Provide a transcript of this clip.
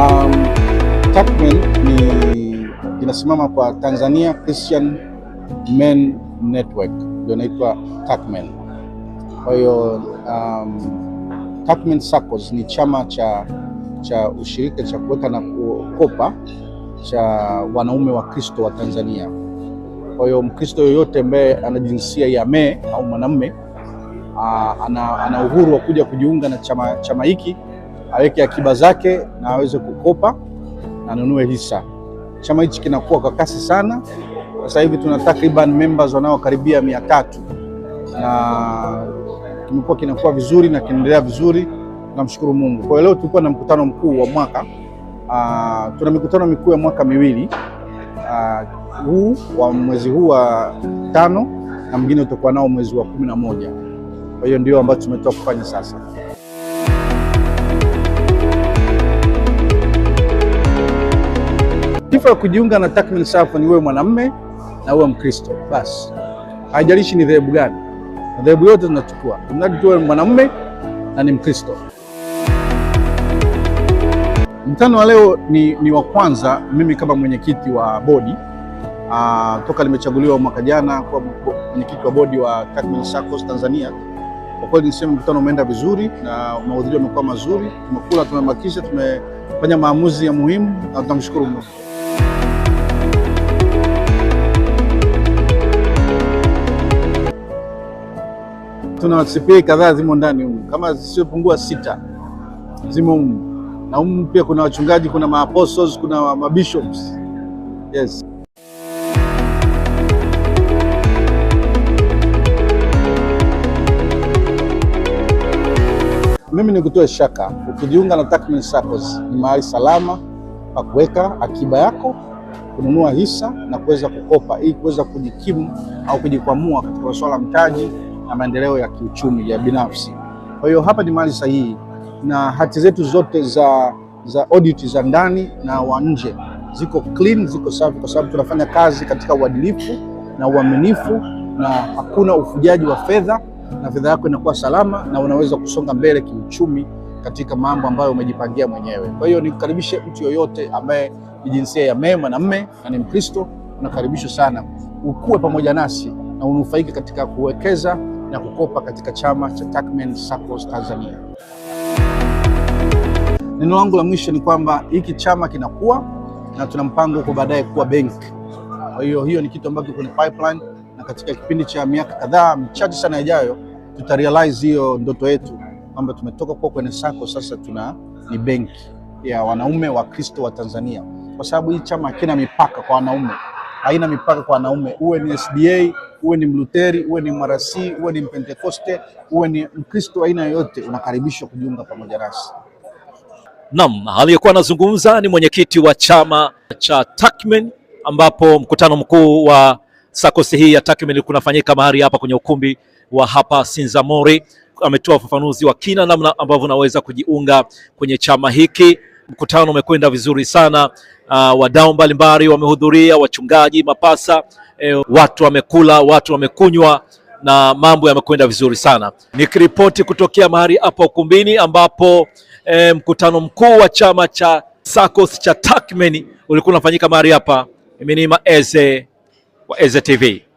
Um, TACMEN ni inasimama kwa Tanzania Christian Men Network, ndio inaitwa TACMEN. Kwa hiyo um, TACMEN SACCOS ni chama cha, cha ushirika cha kuweka na kukopa cha wanaume wa Kristo wa Tanzania. Kwa hiyo Mkristo yoyote ambaye ana jinsia ya me au mwanamume uh, ana, ana uhuru wa kuja kujiunga na chama, chama hiki aweke akiba zake na aweze kukopa na anunue hisa. Chama hichi kinakuwa kwa kasi sana. Sasa hivi tuna takriban members wanaokaribia mia tatu na kimekuwa kinakuwa vizuri na kinaendelea vizuri, namshukuru Mungu. Kwa leo tulikuwa na mkutano mkuu wa mwaka uh, tuna mikutano mikuu ya mwaka miwili uh, huu wa mwezi huu wa tano na mwingine utakuwa nao mwezi wa kumi na moja. Kwa hiyo ndio ambacho tumetoka kufanya sasa. Sifa ya kujiunga na Takmin Sacco ni uwe mwanamme na uwe Mkristo, basi haijalishi ni dhehebu gani, dhehebu yote tunachukua, mradi wewe mwanamme na ni Mkristo. Mkutano wa leo ni, ni wa kwanza mimi kama mwenyekiti wa bodi uh, toka limechaguliwa mwaka jana kuwa mwenyekiti wa bodi wa Takmin Saccos Tanzania. Kwa kweli niseme mkutano umeenda vizuri na mahudhurio yamekuwa mazuri, tumekula tumebakisha, tumefanya maamuzi ya muhimu na tunamshukuru Mungu. tuna CPA kadhaa zimo ndani humu, kama zisiopungua sita zimo humu, na humu pia kuna wachungaji, kuna maapostles, kuna mabishops. Yes. Mimi ni kutoa shaka, ukijiunga na Takmin SACCOS ni mahali salama pa kuweka akiba yako, kununua hisa na kuweza kukopa ili kuweza kujikimu au kujikwamua katika masuala mtaji na maendeleo ya kiuchumi ya binafsi. Kwa hiyo hapa ni mahali sahihi, na hati zetu zote za, za audit za ndani na wa nje ziko clean, ziko safi, kwa sababu tunafanya kazi katika uadilifu na uaminifu na hakuna ufujaji wa fedha, na fedha yako inakuwa salama na unaweza kusonga mbele kiuchumi katika mambo ambayo umejipangia mwenyewe. Kwa hiyo nikukaribishe mtu yoyote ambaye ni jinsia ya na mme na ni Mkristo, unakaribishwa sana ukuwe pamoja nasi na unufaike katika kuwekeza na kukopa katika chama cha Takmen Saccos Tanzania. Neno langu la mwisho ni kwamba hiki chama kinakuwa na tuna mpango kwa baadaye kuwa benki. Kwa hiyo hiyo ni kitu ambacho kwenye pipeline, na katika kipindi cha miaka kadhaa michache sana ijayo tuta realize hiyo ndoto yetu kwamba tumetoka kuwa kwenye sako, sasa tuna ni benki ya wanaume wa Kristo wa Tanzania, kwa sababu hii chama hakina mipaka kwa wanaume haina mipaka kwa wanaume, uwe ni SDA, uwe ni Mluteri, uwe ni Marasi, uwe ni Mpentekoste, uwe ni Mkristo aina yoyote, unakaribishwa kujiunga pamoja nasi. Naam, aliyekuwa anazungumza ni mwenyekiti wa chama cha Takmen, ambapo mkutano mkuu wa sakosi hii ya Takmen kunafanyika mahali hapa kwenye ukumbi wa hapa Sinzamori. Ametoa ufafanuzi wa kina namna ambavyo unaweza kujiunga kwenye chama hiki. Mkutano umekwenda vizuri sana. Uh, wadau mbalimbali wamehudhuria, wachungaji, mapasa eh, watu wamekula, watu wamekunywa na mambo yamekwenda vizuri sana. Nikiripoti kutokea mahali hapa ukumbini ambapo eh, mkutano mkuu wa chama cha SACCOS cha Turkmen ulikuwa unafanyika mahali hapa. Mimi ni Maeze wa Eze TV.